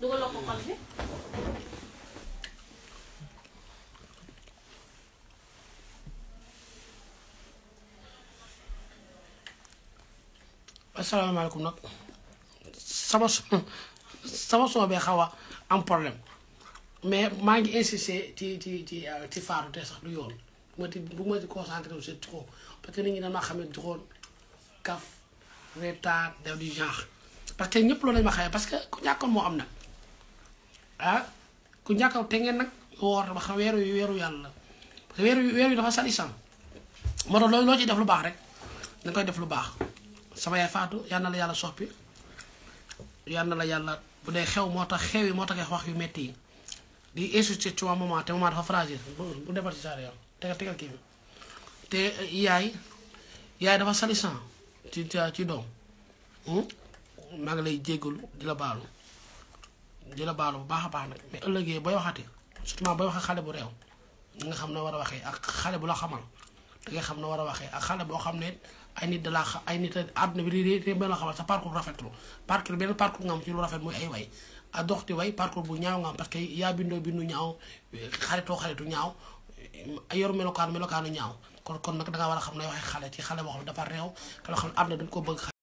dugaloo ko xol nag sama sama son bee xaw a am problème mais maa ngi insisté ci ci ci euh, ci faaru te sax du yoon bu ma ci bu ma ci concentré wu c'est trop parce que nit ñi dama xam ne joxoon kaf retard def du genre parce que ñëpp loolu lañ ma xamee parce que ku ñàkkoon moo am nag. ah ku njàkkaw te ngeen nag woor ba xam weeru yu weeru yàlla parce que weeru yi dafa salisam moo tax loo loo ciy def lu baax rek da koy def lu baax sama yaay faatu yal na la yàlla soppi yal la yàlla bu dee xew moo tax xew yi moo tax wax yu metti yi di insister ci waa moment te moment dafa fragile bu defal ci saar yow tegal tegal kii te eh, yaay yaay dafa salisam ci ci doom hmm? maa ngi lay jéggalu di la baalu di la baalu bu baax a baax nag mais ëllëgee booy waxati surtout booy wax xale bu réew nga xam ne war a waxee ak xale bu la xamal da nga xam ne war a waxee ak xale boo xam ne ay nit da laa ay nit àdduna bi di sa parcours rafetlu parcours benn parcours nga am ci lu rafet muy ay way a dox di way parcours bu ñaaw nga am parce que yaa bindoo bindu ñaaw xaritoo xaritu ñaaw yor melokaanu melokaanu ñaaw kon kon nag da nga war a xam ne waxee xale xale boo xam ne dafa réew te loo xam ne àdduna dañ ko bëgg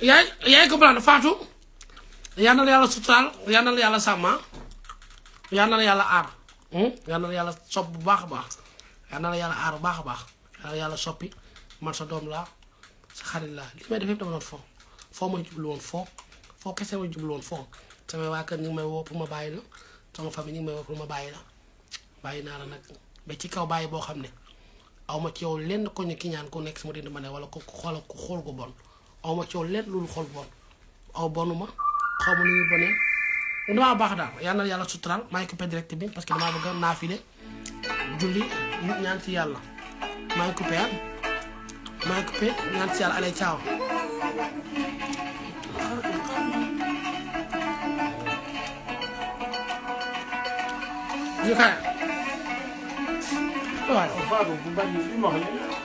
yaay yaay comprendre Fatou yal na la yàlla suturaal yal na yàlla sàmma yal na yàlla aar Hmm? yal na yàlla sopp bu baax a baax yal na la yàlla aar bu baax a baax yal yàlla soppi man sa doom laa sa xarit laa li may def yëpp dama doon foo ma jublu woon foo foo kese ma jublu woon waa kër ñu may woo ma bàyyi la sama famille ñu may woo pour ma bàyyi la bàyyi naa la nag ba ci kaw bàyyi boo xam ne aw ma ci yow lenn ko ki ñaan ku nekk sama dindi ma ne wala ku xool ku xool ko bon aw ma ci yow lenn loolu xool bon aw bonu ma xaw ma nu bonee damaa baax daal yàlla yàlla suturaal maa ngi coupé direct bi parce que damaa bëgg a naafile julli ñaan ci yàlla maa ngi coupé ah maa ngi coupé ñaan ci yàlla allez ciao. ñu xaar waaw.